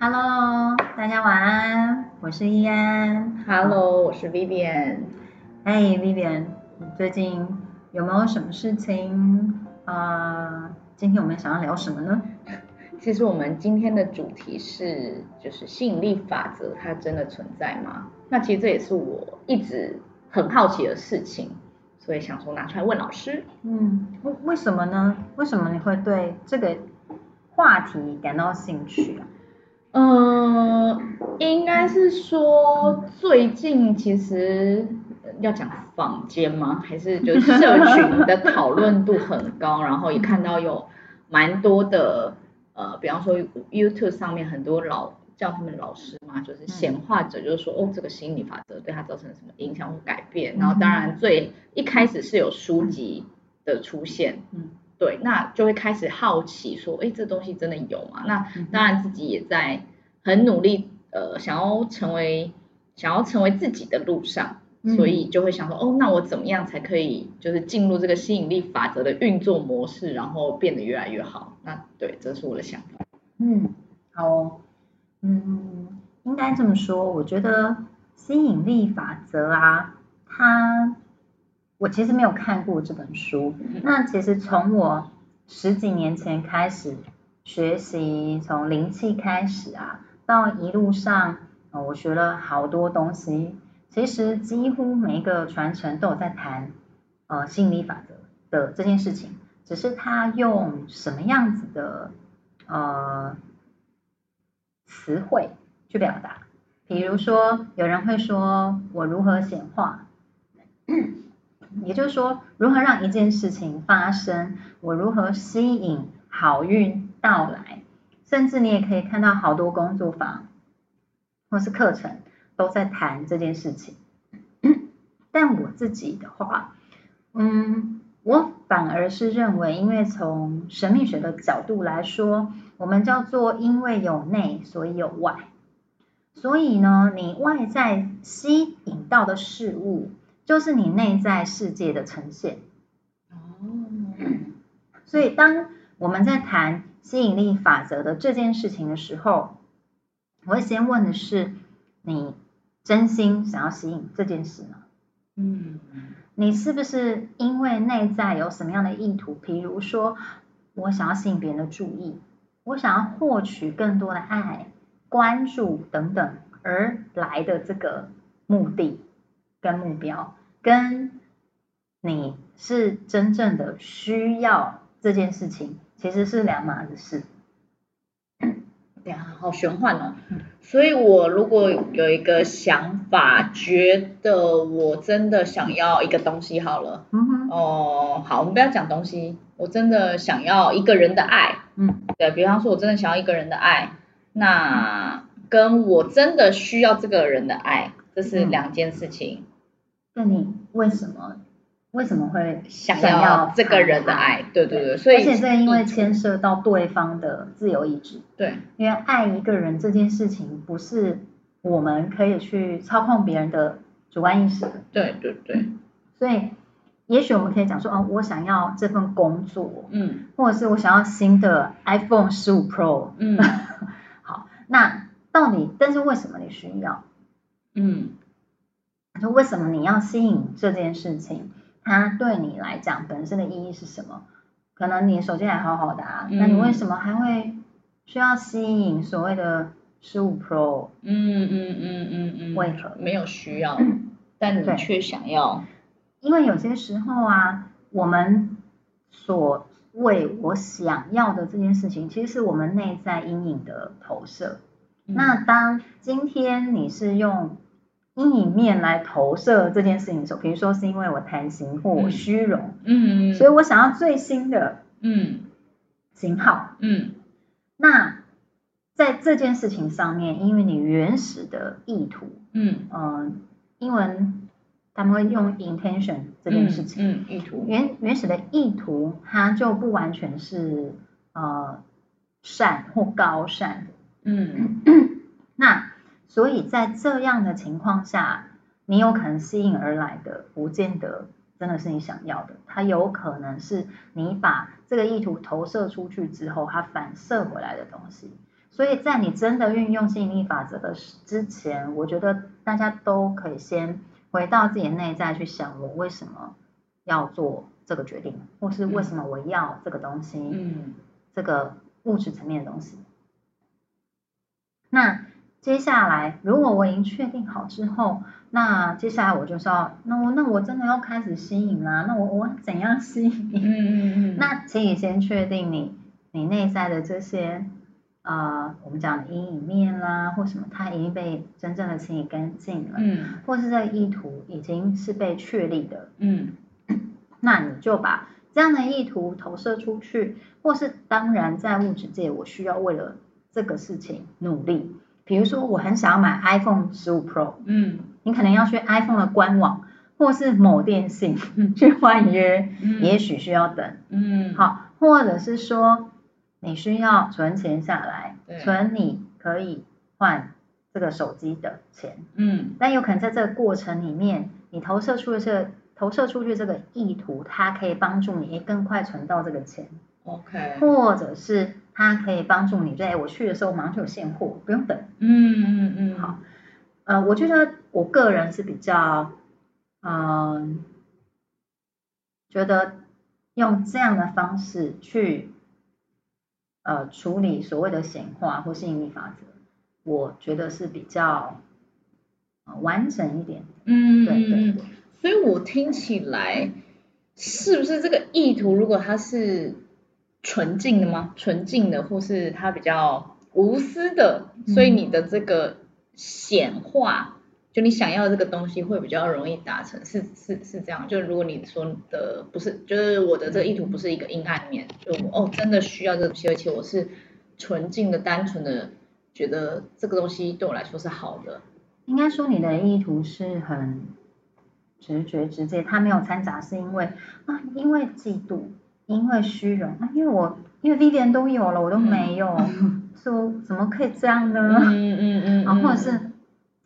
哈嘍，Hello, 大家晚安，我是依、e、安。哈嘍，我是 Vivian。哎、hey，Vivian，你最近有沒有什麼事情？啊、呃，今天我們想要聊什麼呢？其實我們今天的主題是，就是吸引力法則它真的存在嗎？那其實這也是我一直很好奇的事情，所以想說拿出來問老師。嗯，為為什麼呢？為什麼你會對這個話題感到興趣啊？嗯、呃，應該是說最近其實要講坊間嗎？還是就是社群的討論度很高， 然後也看到有蠻多的呃，比方說 YouTube 上面很多老叫他們老師嘛，就是顯化者。就是說、嗯、哦，這個心理法則對他造成什麼影響或改變，然後當然最一開始是有書籍的出現，嗯。嗯對，那就會開始好奇，說，哎，這東西真的有嗎？那當然自己也在很努力，呃，想要成為想要成為自己的路上，所以就會想說，哦，那我怎麼樣才可以，就是進入這個吸引力法則的運作模式，然後變得越來越好？那對，這是我的想法。嗯，好，嗯，應該這麼說，我覺得吸引力法則啊，它。我其實沒有看過這本書。那其實從我十幾年前開始學習，從靈氣開始啊，到一路上，我學了好多東西。其實幾乎每一個傳承都有在談，呃，吸引力法則的,的這件事情，只是他用什麼樣子的呃詞彙去表達。比如說，有人會說我如何顯化。 也就是說，如何讓一件事情發生？我如何吸引好運到來？甚至你也可以看到好多工作坊或是課程都在談這件事情。但我自己的話，嗯，我反而是認為，因為從神秘學的角度來說，我們叫做因為有內所以有外，所以呢，你外在吸引到的事物。就是你內在世界的呈現哦，所以當我們在談吸引力法則的這件事情的時候，我會先問的是：你真心想要吸引這件事嗎？嗯，你是不是因為內在有什麼樣的意圖？比如說我想要吸引別人的注意，我想要獲取更多的愛、關注等等而來的這個目的跟目標。跟你是真正的需要這件事情，其實是兩碼子事。呀、啊，好玄幻哦、啊！嗯、所以，我如果有一個想法，覺得我真的想要一個東西，好了，嗯哼，哦，好，我們不要講東西。我真的想要一個人的愛，嗯，對，比方說，我真的想要一個人的愛，那跟我真的需要這個人的愛，這是兩件事情。嗯那你為什麼為什麼會想要，想要這個人的愛？對對對，對所以而且這個因為牽涉到對方的自由意志。對，因為愛一個人這件事情不是我們可以去操控別人的主觀意識。對對對，所以也許我們可以講說，哦，我想要這份工作，嗯，或者是我想要新的 iPhone 十五 Pro，嗯， 好，那到底但是為什麼你需要？嗯。說為什麼你要吸引這件事情？它對你來講本身的意義是什麼？可能你手機還好好的啊，嗯、那你為什麼還會需要吸引所謂的十五 Pro？嗯嗯嗯嗯嗯。為、嗯、何、嗯嗯嗯嗯、沒有需要，嗯、但你卻想要。因為有些時候啊，我們所謂我想要的這件事情，其實是我們內在陰影的投射。嗯、那當今天你是用。陰影面來投射這件事情的時候，比如說是因為我貪心或我虛榮，嗯，嗯，嗯嗯所以我想要最新的嗯型號，嗯，嗯那在這件事情上面，因為你原始的意圖，嗯嗯，呃，英文他們會用 intention 這件事情，嗯，嗯，意圖，原原始的意圖，它就不完全是呃善或高善的，嗯， 那。所以在這樣的情況下，你有可能吸引而來的，不見得真的是你想要的。它有可能是你把這個意圖投射出去之後，它反射回來的東西。所以在你真的運用吸引力法則的之前，我覺得大家都可以先回到自己內在去想，我為什麼要做這個決定，或是為什麼我要這個東西，嗯、這個物質層面的東西。那。接下來，如果我已經確定好之後，那接下來我就說，那我那我真的要開始吸引啦。那我我怎樣吸引？嗯嗯嗯。那請你先確定你你內在的這些，呃，我們講的陰影面啦，或什麼，它已經被真正的清理乾淨了。嗯。或是這個意圖已經是被確立的。嗯。 那你就把這樣的意圖投射出去，或是當然在物質界，我需要為了這個事情努力。比如說，我很想要買 iPhone 十五 Pro，嗯，你可能要去 iPhone 的官網，或是某電信去換約，嗯，也許需要等，嗯，好，或者是說你需要存錢下來，對存你可以換這個手機的錢，嗯，但有可能在這個過程裡面，你投射出的這個，投射出去這個意圖，它可以幫助你更快存到這個錢，OK，或者是。它可以幫助你，對、哎，我去的時候，我馬上就有現貨，不用等。嗯嗯嗯，嗯嗯好，呃，我覺得我個人是比較，嗯、呃，覺得用這樣的方式去，呃，處理所謂的顯化或吸引力法則，我覺得是比較，呃、完整一點。嗯嗯。對對、嗯。所以我聽起來，是不是這個意圖，如果它是？純淨的嗎？純淨的，或是它比較無私的，所以你的這個顯化，嗯、就你想要這個東西會比較容易達成，是是是這樣。就如果你說的不是，就是我的這個意圖不是一個陰暗面，嗯、就哦，真的需要這個東西，而且我是純淨的、單純的，覺得這個東西對我來說是好的。應該說你的意圖是很直覺直接，他沒有摻雜，是因為啊，因為嫉妒。因為虛榮、啊、因為我因為別人都有了，我都沒有，嗯、說怎麼可以這樣呢？嗯嗯啊，嗯，或者是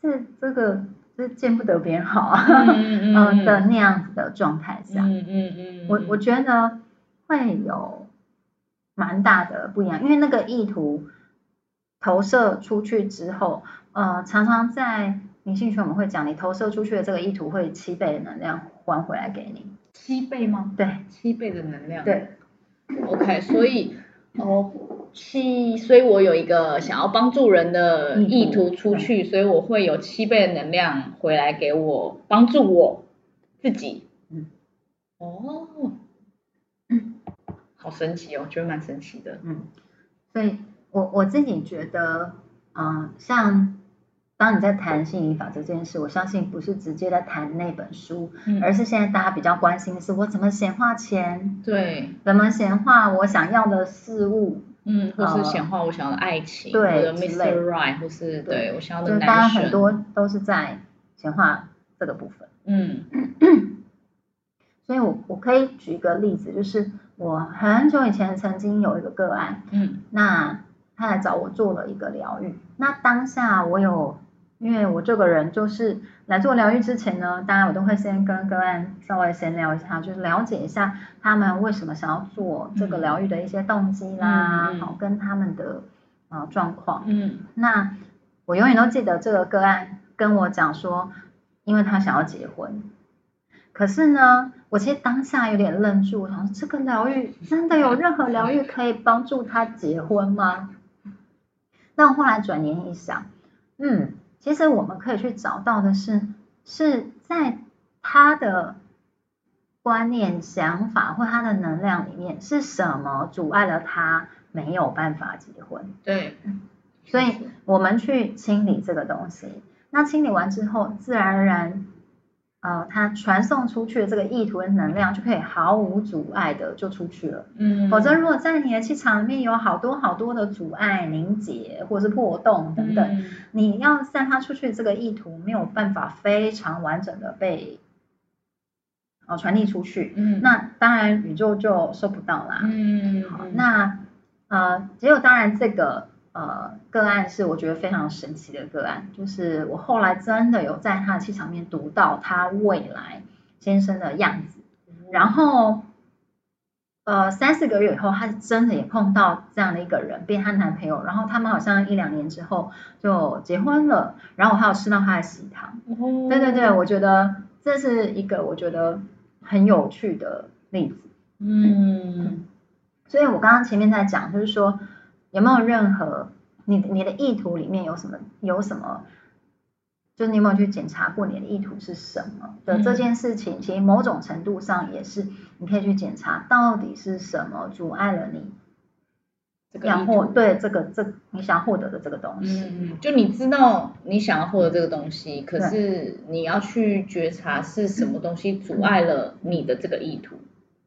是這個是見不得別人好啊、嗯嗯嗯、 的那樣子的狀態下，嗯嗯嗯，嗯嗯我我覺得會有蠻大的不一樣，因為那個意圖投射出去之後，呃，常常在靈性圈我們會講，你投射出去的這個意圖會七倍的能量還回來給你。七倍嗎？對，七倍的能量。對，OK，所以哦，七，所以我有一個想要幫助人的意圖出去，嗯嗯、所以我會有七倍的能量回來給我幫助我自己。嗯，哦，嗯、好神奇哦，我覺得蠻神奇的。嗯，所以我我自己覺得，嗯、呃，像。當你在談吸引力法則這件事，我相信不是直接在談那本書，嗯、而是現在大家比較關心的是我怎麼顯化錢，對，怎麼顯化我想要的事物，嗯，呃、或是顯化我想要的愛情，對，Mr. Right，的或是對，對我想要的男神，當然很多都是在顯化這個部分，嗯， 所以我我可以舉一個例子，就是我很久以前曾經有一個個案，嗯，那他來找我做了一個療癒，那當下我有。因為我這個人就是來做療癒之前呢，當然我都會先跟個案稍微閒聊一下，就是了解一下他們為什麼想要做這個療癒的一些動機啦，嗯、好跟他們的啊狀況。嗯，那我永遠都記得這個個案跟我講說，因為他想要結婚，可是呢，我其實當下有點愣住，我想這個療癒真的有任何療癒可以幫助他結婚嗎？那我後來轉念一想，嗯。其實我們可以去找到的是，是在他的觀念、想法或他的能量裡面，是什麼阻礙了他沒有辦法結婚？對，所以我們去清理這個東西。那清理完之後，自然而然。啊，它、呃、傳送出去的這個意圖的能量就可以毫無阻礙的就出去了。嗯，否則如果在你的氣場裡面有好多好多的阻礙、凝結或者是破洞等等，嗯、你要散發出去的這個意圖沒有辦法非常完整的被、呃、傳遞出去。嗯、那當然宇宙就收不到啦。嗯，好，那啊、呃，只有當然這個。呃，個案是我覺得非常神奇的個案，就是我後來真的有在他的氣場面讀到他未來先生的樣子，然後呃三四個月以後，他真的也碰到這樣的一個人，變成男朋友，然後他們好像一兩年之後就結婚了，然後我還有吃到他的喜糖，哦、對對對，我覺得這是一個我覺得很有趣的例子，嗯，嗯，所以我剛剛前面在講就是說。有沒有任何你的你的意圖裡面有什麼有什麼？就是你有沒有去檢查過你的意圖是什麼的、嗯、這件事情？其實某種程度上也是你可以去檢查到底是什麼阻礙了你，這個然後對這個這個、你想要獲得的這個東西。嗯。就你知道你想要獲得這個東西，可是你要去覺察是什麼東西阻礙了你的這個意圖，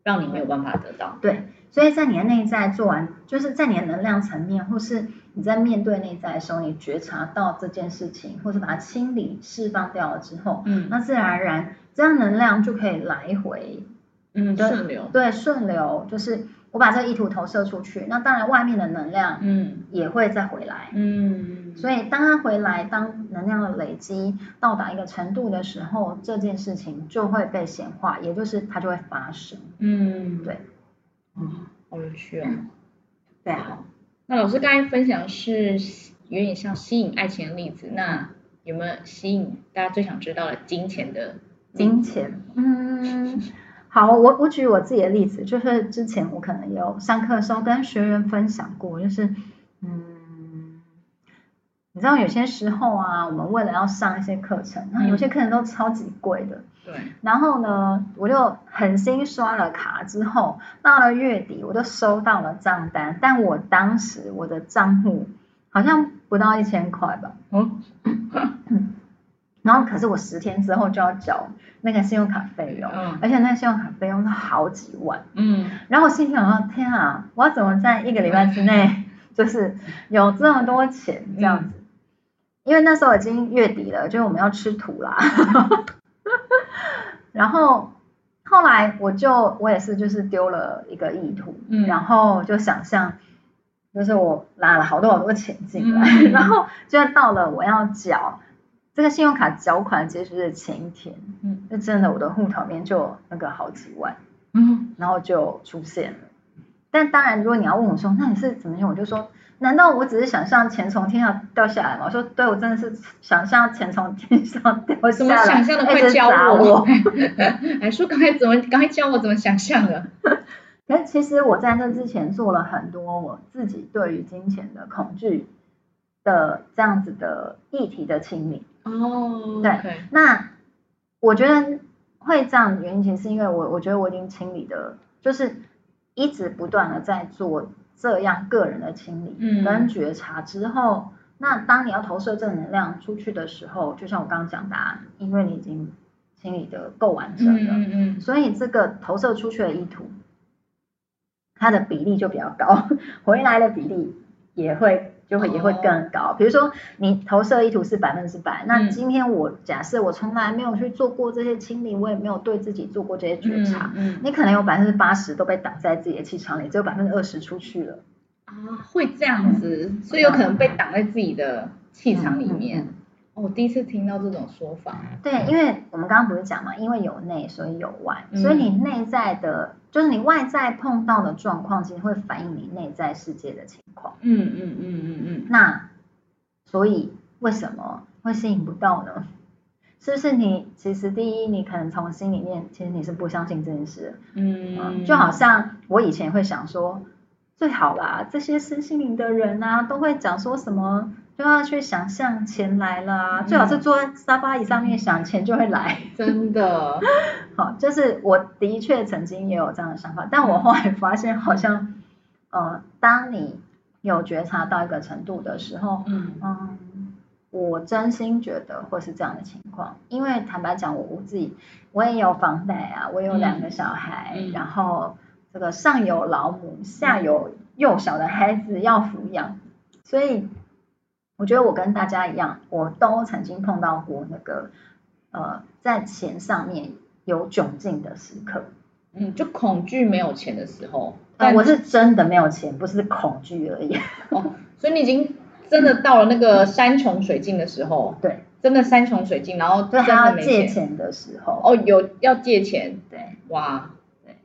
讓你沒有辦法得到。嗯、對。所以在你的內在做完，就是在你的能量層面，或是你在面對內在的時候，你覺察到這件事情，或是把它清理、釋放掉了之後，嗯，那自然而然，這樣能量就可以來回，嗯，對，就順流，對，順流，就是我把這個意圖投射出去，那當然外面的能量，嗯，也會再回來，嗯，所以當它回來，當能量的累積到達一個程度的時候，這件事情就會被顯化，也就是它就會發生，嗯，對。啊、嗯，好有趣哦！對啊，那老師剛才分享的是有點像吸引愛情的例子，那有沒有吸引大家最想知道的金錢的？金錢，嗯， 嗯，好，我我舉我自己的例子，就是之前我可能有上課的時候跟學員分享過，就是。你知道有些時候啊，我們為了要上一些課程，然後有些課程都超級貴的。嗯、對。然後呢，我就狠心刷了卡，之後到了月底，我就收到了賬單。但我當時我的賬戶好像不到一千塊吧？嗯。啊、然後可是我十天之後就要繳那個信用卡費用，嗯、而且那個信用卡費用都好幾萬。嗯。然後我心想，我天啊，我要怎麼在一個禮拜之內就是有這麼多錢這樣子？因為那時候已經月底了，就是我們要吃土啦。 然後後來我就我也是就是丟了一個意圖，嗯、然後就想象就是我拿了好多好多錢進來，嗯、然後就到了我要繳這個信用卡繳款截止的前一天，那、嗯、真的我的戶頭裡面就那個好幾萬，嗯哼，然後就出現了。但當然，如果你要問我說，那你是怎麼樣？我就說，難道我只是想象錢從天上掉下來嗎？我說，對，我真的是想象錢從天上掉下來，我怎麼想象的？快教我！哎，說，剛才怎麼？剛才教我怎麼想象的？其實我在那之前做了很多我自己對於金錢的恐懼的這樣子的議題的清理。哦，oh, okay. 對，那我覺得會這樣，原因其實是因為我，我覺得我已經清理的，就是。一直不斷的在做這樣個人的清理跟覺察之後，嗯、那當你要投射正能量出去的時候，就像我剛剛講的啊，因為你已經清理的夠完整了，嗯嗯嗯，所以這個投射出去的意圖，它的比例就比較高，回來的比例也會。就會也會更高，哦、比如說你投射意圖是百分之百，嗯、那今天我假設我從來沒有去做過這些清理，我也沒有對自己做過這些覺察，嗯嗯、你可能有百分之八十都被擋在自己的氣場裡，只有百分之二十出去了。啊，會這樣子，嗯、所以有可能被擋在自己的氣場裡面。嗯嗯嗯嗯我第一次聽到這種說法。對，嗯、因為我們剛剛不是講嘛，因為有內所以有外，所以你內在的，嗯、就是你外在碰到的狀況，其實會反映你內在世界的情況。嗯嗯嗯嗯嗯。嗯嗯嗯那所以為什麼會吸引不到呢？是不是你其實第一，你可能從心裡面其實你是不相信這件事。嗯，嗯。就好像我以前會想說，最好啦、啊，這些身心靈的人啊，都會講說什麼。就要去想象錢來了，嗯、最好是坐在沙發椅上面想錢、嗯、就會來，真的。 好，就是我的確曾經也有這樣的想法，但我後來發現好像，呃，當你有覺察到一個程度的時候，嗯、呃，我真心覺得會是這樣的情況，因為坦白講，我自己我也有房貸啊，我有兩個小孩，嗯、然後這個上有老母，嗯、下有幼小的孩子要撫養，所以。我覺得我跟大家一樣，我都曾經碰到過那個呃，在錢上面有窘境的時刻，嗯，就恐懼沒有錢的時候、呃。我是真的沒有錢，不是恐懼而已、 哦。所以你已經真的到了那個山窮水盡的時候，嗯、對，真的山窮水盡，然後真的沒錢借錢的時候，哦，有要借錢，對，哇，對，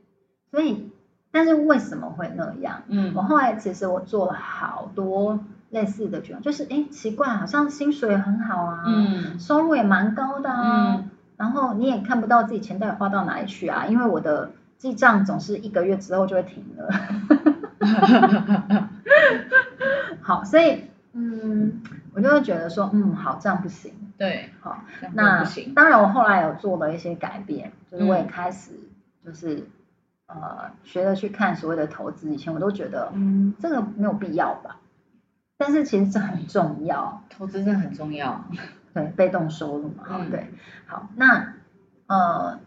所以，但是為什麼會那樣？嗯，我後來其實我做了好多。類似的就，就是哎、欸，奇怪，好像薪水很好啊？嗯、收入也蠻高的啊，嗯、然後你也看不到自己錢袋花到哪裡去啊，因為我的記賬總是一個月之後就會停了，哈哈哈哈哈。好，所以嗯，我就會覺得說，嗯，好，這樣不行，對，好，那當然，我後來有做了一些改變，就是我也開始就是、嗯、呃，學着去看所謂的投資。以前我都覺得，嗯，這個沒有必要吧。但是其實這很重要，投資這很重要，對，被動收入嘛，嗯、對，好，那呃，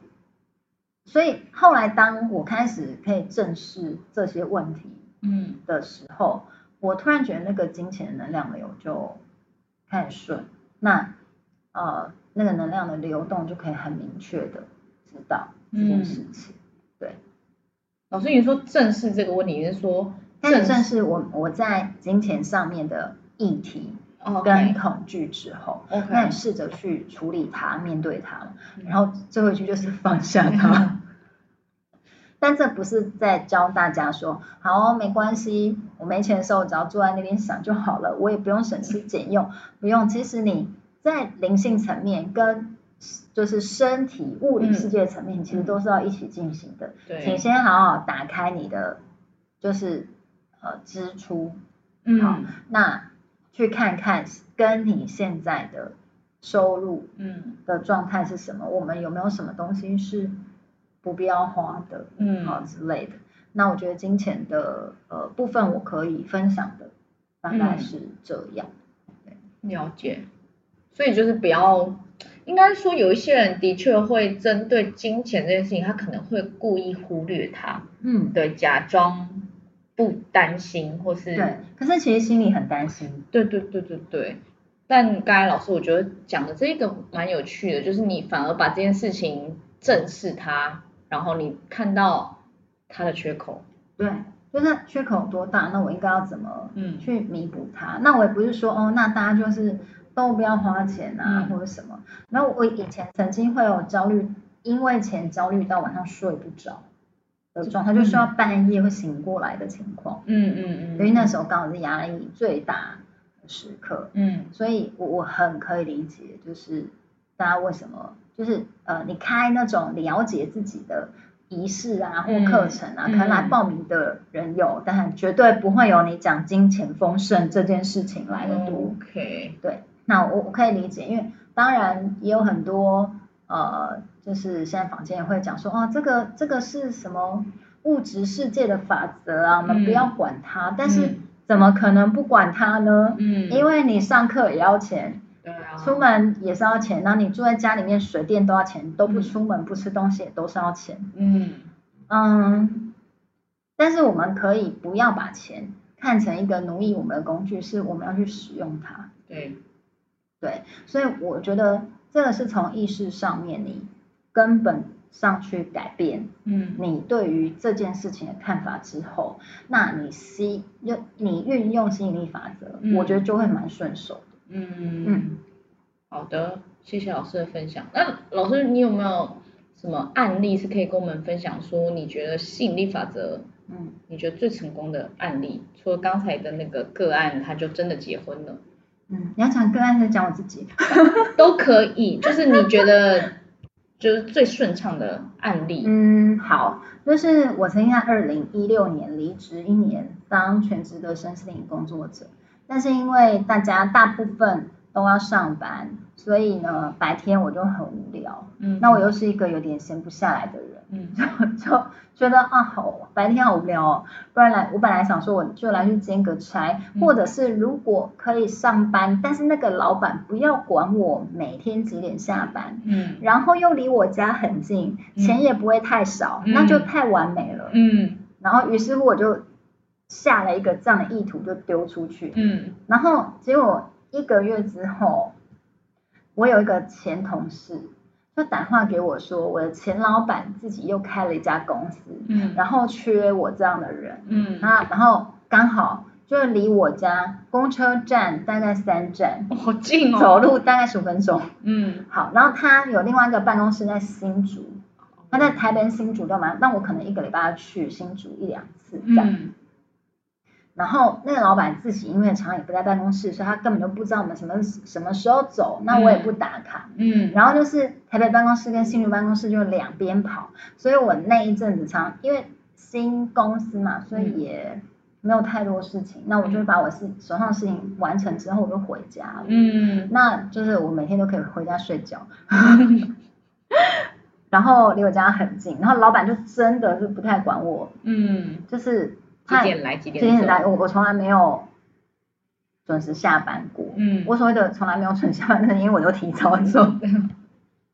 所以後來當我開始可以正視這些問題，嗯的時候，嗯、我突然覺得那個金錢的能量流就開始順，那呃那個能量的流動就可以很明確的知道這件事情，嗯、對。老師，你說正視這個問題，你是說？但也算是我我在金錢上面的議題跟恐懼之後，Okay. Okay. 那你試着去處理它、面對它，然後最後一句就是放下它。 但這不是在教大家說，好，沒關係，我沒錢的時候，我只要坐在那邊想就好了，我也不用省吃儉用， 不用。其實你在靈性層面跟就是身體物理世界層面，嗯、其實都是要一起進行的。對、嗯，請先好,好好打開你的，就是。呃，支出，好嗯，那去看看跟你現在的收入，嗯，的狀態是什麼？嗯，我們有沒有什麼東西是不必要花的，嗯，好之類的？那我覺得金錢的呃部分，我可以分享的大概是這樣，嗯，對，了解。所以就是不要，應該說有一些人的確會針對金錢這件事情，他可能會故意忽略它，嗯，對，假裝。不擔心或是對，可是其實心裡很擔心。對對對對對，但剛才老師我覺得講的這個蠻有趣的，就是你反而把這件事情正視它，然後你看到它的缺口。對，就是缺口多大？那我應該要怎麼嗯去彌補它？嗯、那我也不是說哦，那大家就是都不要花錢啊，嗯、或者什麼。那我以前曾經會有焦慮，因為錢焦慮到晚上睡不着。的狀態，他就需要半夜會醒過來的情況。嗯嗯嗯。因為那時候剛好是壓力最大的時刻。嗯。所以我我很可以理解，就是大家為什麼，就是呃，你開那種了解自己的儀式啊，或課程啊，嗯、可能來報名的人有，嗯、但絕對不會有你講金錢豐盛這件事情來得多、嗯。OK。對，那我我可以理解，因為當然也有很多。呃，就是現在坊間也會講說，哦，這個這個是什麼物質世界的法則啊？我們、嗯、不要管它，但是怎麼可能不管它呢？嗯，因為你上課也要錢，對啊，出門也是要錢，那你住在家裡面水電都要錢，都不出門不吃東西也都是要錢。嗯嗯，但是我們可以不要把錢看成一個奴役我們的工具，是我們要去使用它。對對，所以我覺得。這個是從意識上面，你根本上去改變，嗯，你對於這件事情的看法之後，嗯、那你吸用你運用吸引力法則，嗯、我覺得就會蠻順手的，嗯，嗯，好的，謝謝老師的分享。那老師，你有沒有什麼案例是可以跟我們分享說，說你覺得吸引力法則，嗯，你覺得最成功的案例，除了剛才的那個個案，他就真的結婚了。嗯，你要講個案還是講我自己， 都可以，就是你覺得就是最順暢的案例。嗯，好，就是我曾經在二零一六年離職一年，當全職的身心靈工作者，但是因為大家大部分都要上班，所以呢，白天我就很無聊。嗯哼，那我又是一個有點閒不下來的人。嗯，就就覺得啊，好，白天好無聊哦，不然來，我本來想說我就來去兼個差，或者是如果可以上班，嗯、但是那個老闆不要管我每天幾點下班，嗯，然後又離我家很近，嗯、錢也不會太少，嗯、那就太完美了，嗯，嗯，然後於是乎我就下了一個這樣的意圖就丟出去，嗯，然後結果一個月之後，我有一個前同事。就打電話給我說，我的前老板自己又開了一家公司，嗯，然後缺我這樣的人，嗯，啊，然後剛好就離我家公車站大概三站，好近哦，走路大概十五分鐘，嗯，好，然後他有另外一個辦公室在新竹，他在台北新竹幹嘛？那我可能一個禮拜要去新竹一兩次這樣。嗯。然後那個老闆自己因為常常也不在辦公室，所以他根本就不知道我們什麼什麼時候走。那我也不打卡。嗯。嗯，然後就是台北辦公室跟新竹辦公室就兩邊跑，所以我那一陣子常常，因為新公司嘛，所以也沒有太多事情。嗯、那我就把我事手上的事情完成之後，我就回家了。嗯。那就是我每天都可以回家睡覺。嗯、 然後離我家很近，然後老闆就真的是不太管我。嗯。就是。幾點來，來？幾點？我我從來沒有準時下班過。嗯、我所謂的從來沒有準時下班，是因為我都提早走。嗯、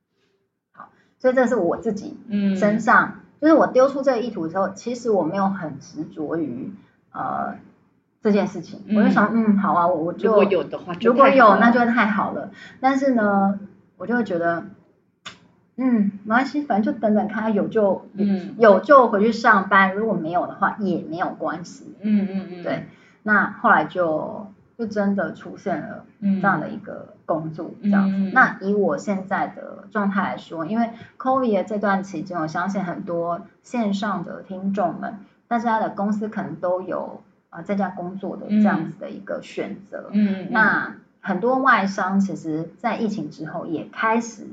好，所以這是我自己身上，嗯、就是我丟出這個意圖的時候，其實我沒有很執着於呃這件事情。我就想，嗯，嗯，好啊，我就如果有的話就，如果有，那就太好了。但是呢，我就會覺得。嗯，沒關係，反正就等等看，他有就有，就回去上班。嗯、如果沒有的話，也沒有關係、嗯。嗯嗯嗯。對，那後來就就真的出現了這樣的一個工作這樣子。嗯嗯、那以我現在的狀態來說，因為 COVID 這段期間，我相信很多線上的聽眾們，大家的公司可能都有啊在家工作的這樣子的一個選擇、嗯。嗯。嗯那很多外商其實，在疫情之後也開始。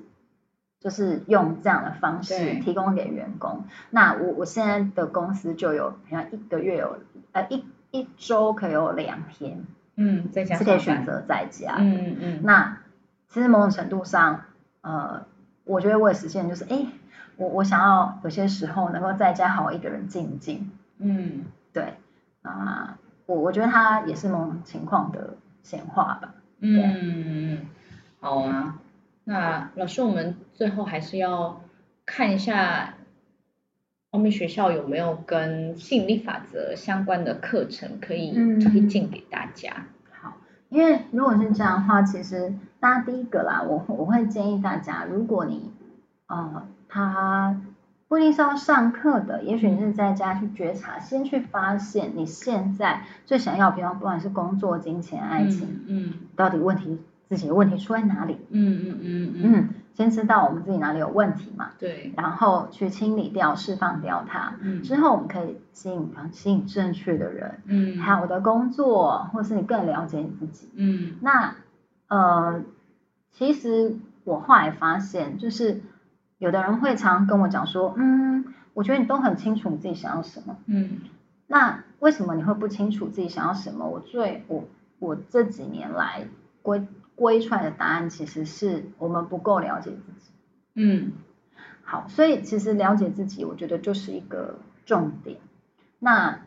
就是用這樣的方式提供給員工。對那我我現在的公司就有，好像一個月有，呃一一週可以有兩天，嗯，在家是可以選擇在家嗯。嗯嗯那其實某種程度上，呃，我覺得我也實現就是，哎，我我想要有些時候能夠在家好一個人靜靜。嗯，對。啊、呃，我我覺得他也是某種情況的顯化吧。嗯嗯嗯。好啊。那老師，我們最後還是要看一下我們學校有沒有跟吸引力法則相關的課程可以推薦給大家，嗯。好，因為如果是這樣的話，其實大家第一個啦，我我會建議大家，如果你啊、呃，他不一定是要上課的，也許你是在家去覺察，先去發現你現在最想要，比方不管是工作、金錢、愛情，嗯，嗯到底問題。自己的問題出在哪裡？嗯嗯嗯嗯，先知道我們自己哪裡有問題嘛。對。然後去清理掉、釋放掉它。嗯。之後我們可以吸引吸引正確的人，嗯，還有我的工作，或是你更了解你自己。嗯。那呃，其實我後來發現，就是有的人會常跟我講說，嗯，我覺得你都很清楚你自己想要什麼。嗯。那為什麼你會不清楚自己想要什麼？我最我我這幾年來歸出來的答案其實是我們不夠了解自己。嗯，好，所以其實了解自己，我覺得就是一個重點。那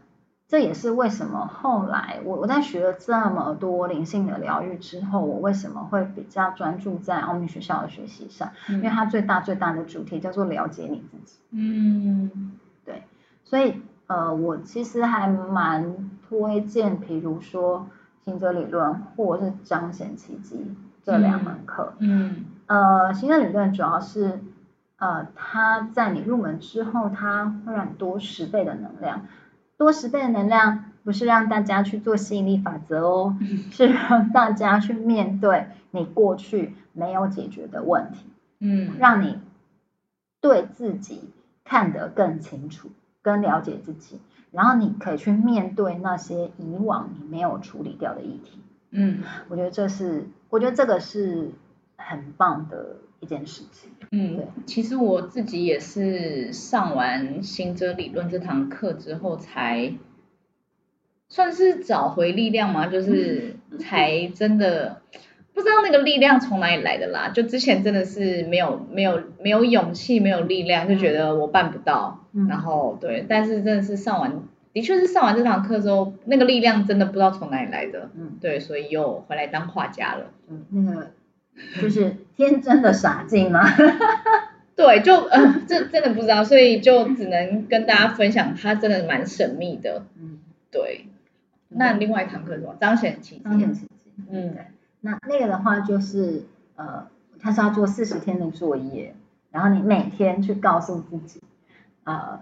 這也是為什麼後來我我在學了這麼多靈性的療癒之後，我為什麼會比較專注在奧秘學校的學習上？嗯，因為它最大最大的主題叫做了解你自己。嗯，對，所以呃，我其實還蠻推薦，比如說。行者理論或是彰顯奇蹟這兩門課，嗯，嗯，呃，行者理論主要是，呃，它在你入門之後，它會讓你多十倍的能量，多十倍的能量不是讓大家去做吸引力法則哦，嗯，是讓大家去面對你過去沒有解決的問題，嗯，讓你對自己看得更清楚，更了解自己。然後你可以去面對那些以往你沒有處理掉的議題，嗯，我覺得這是，我覺得這個是很棒的一件事情，嗯，對，其實我自己也是上完行者理論這堂課之後才算是找回力量嘛，就是才真的不知道那個力量從哪裡來的啦，就之前真的是沒有沒有沒有勇氣，沒有力量，就覺得我辦不到。 然後對，但是真的是上完，的確是上完這堂課之後，那個力量真的不知道從哪裡來的，嗯，對，所以又回來當畫家了，嗯，那個就是天真的傻勁嗎？ 對，就呃，這真的不知道，所以就只能跟大家分享，他真的蠻神秘的，嗯，對。那另外一堂課是什麼？彰顯奇蹟，彰顯奇蹟，嗯，對。那那個的話就是呃，他是要做四十天的作業，然後你每天去告訴自己。呃，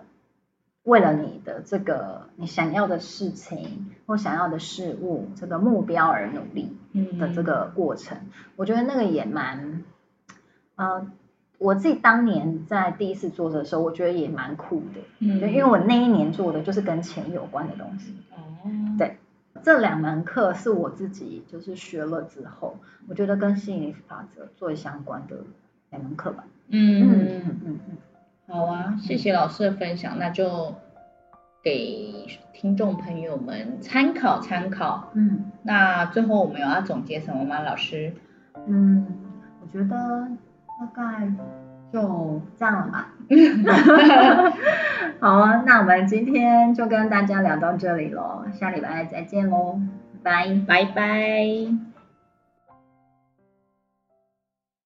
為了你的這個你想要的事情或想要的事物，這個目標而努力的這個過程，mm hmm. 我覺得那個也蠻、呃，我自己當年在第一次做的時候，我覺得也蠻酷的，嗯、mm hmm.，因為我那一年做的就是跟錢有關的東西，哦、mm，hmm. 對，這兩門課是我自己就是學了之後，我覺得跟吸引力法則最相關的兩門課吧，嗯嗯嗯嗯。嗯嗯嗯好啊，謝謝老師的分享，嗯、那就給聽眾朋友們參考參考。嗯，那最後我們有要總結什麼嗎？老師？嗯，我覺得大概就這樣了吧。好啊，那我們今天就跟大家聊到這裡嘍，下禮拜再見嘍，拜拜拜拜。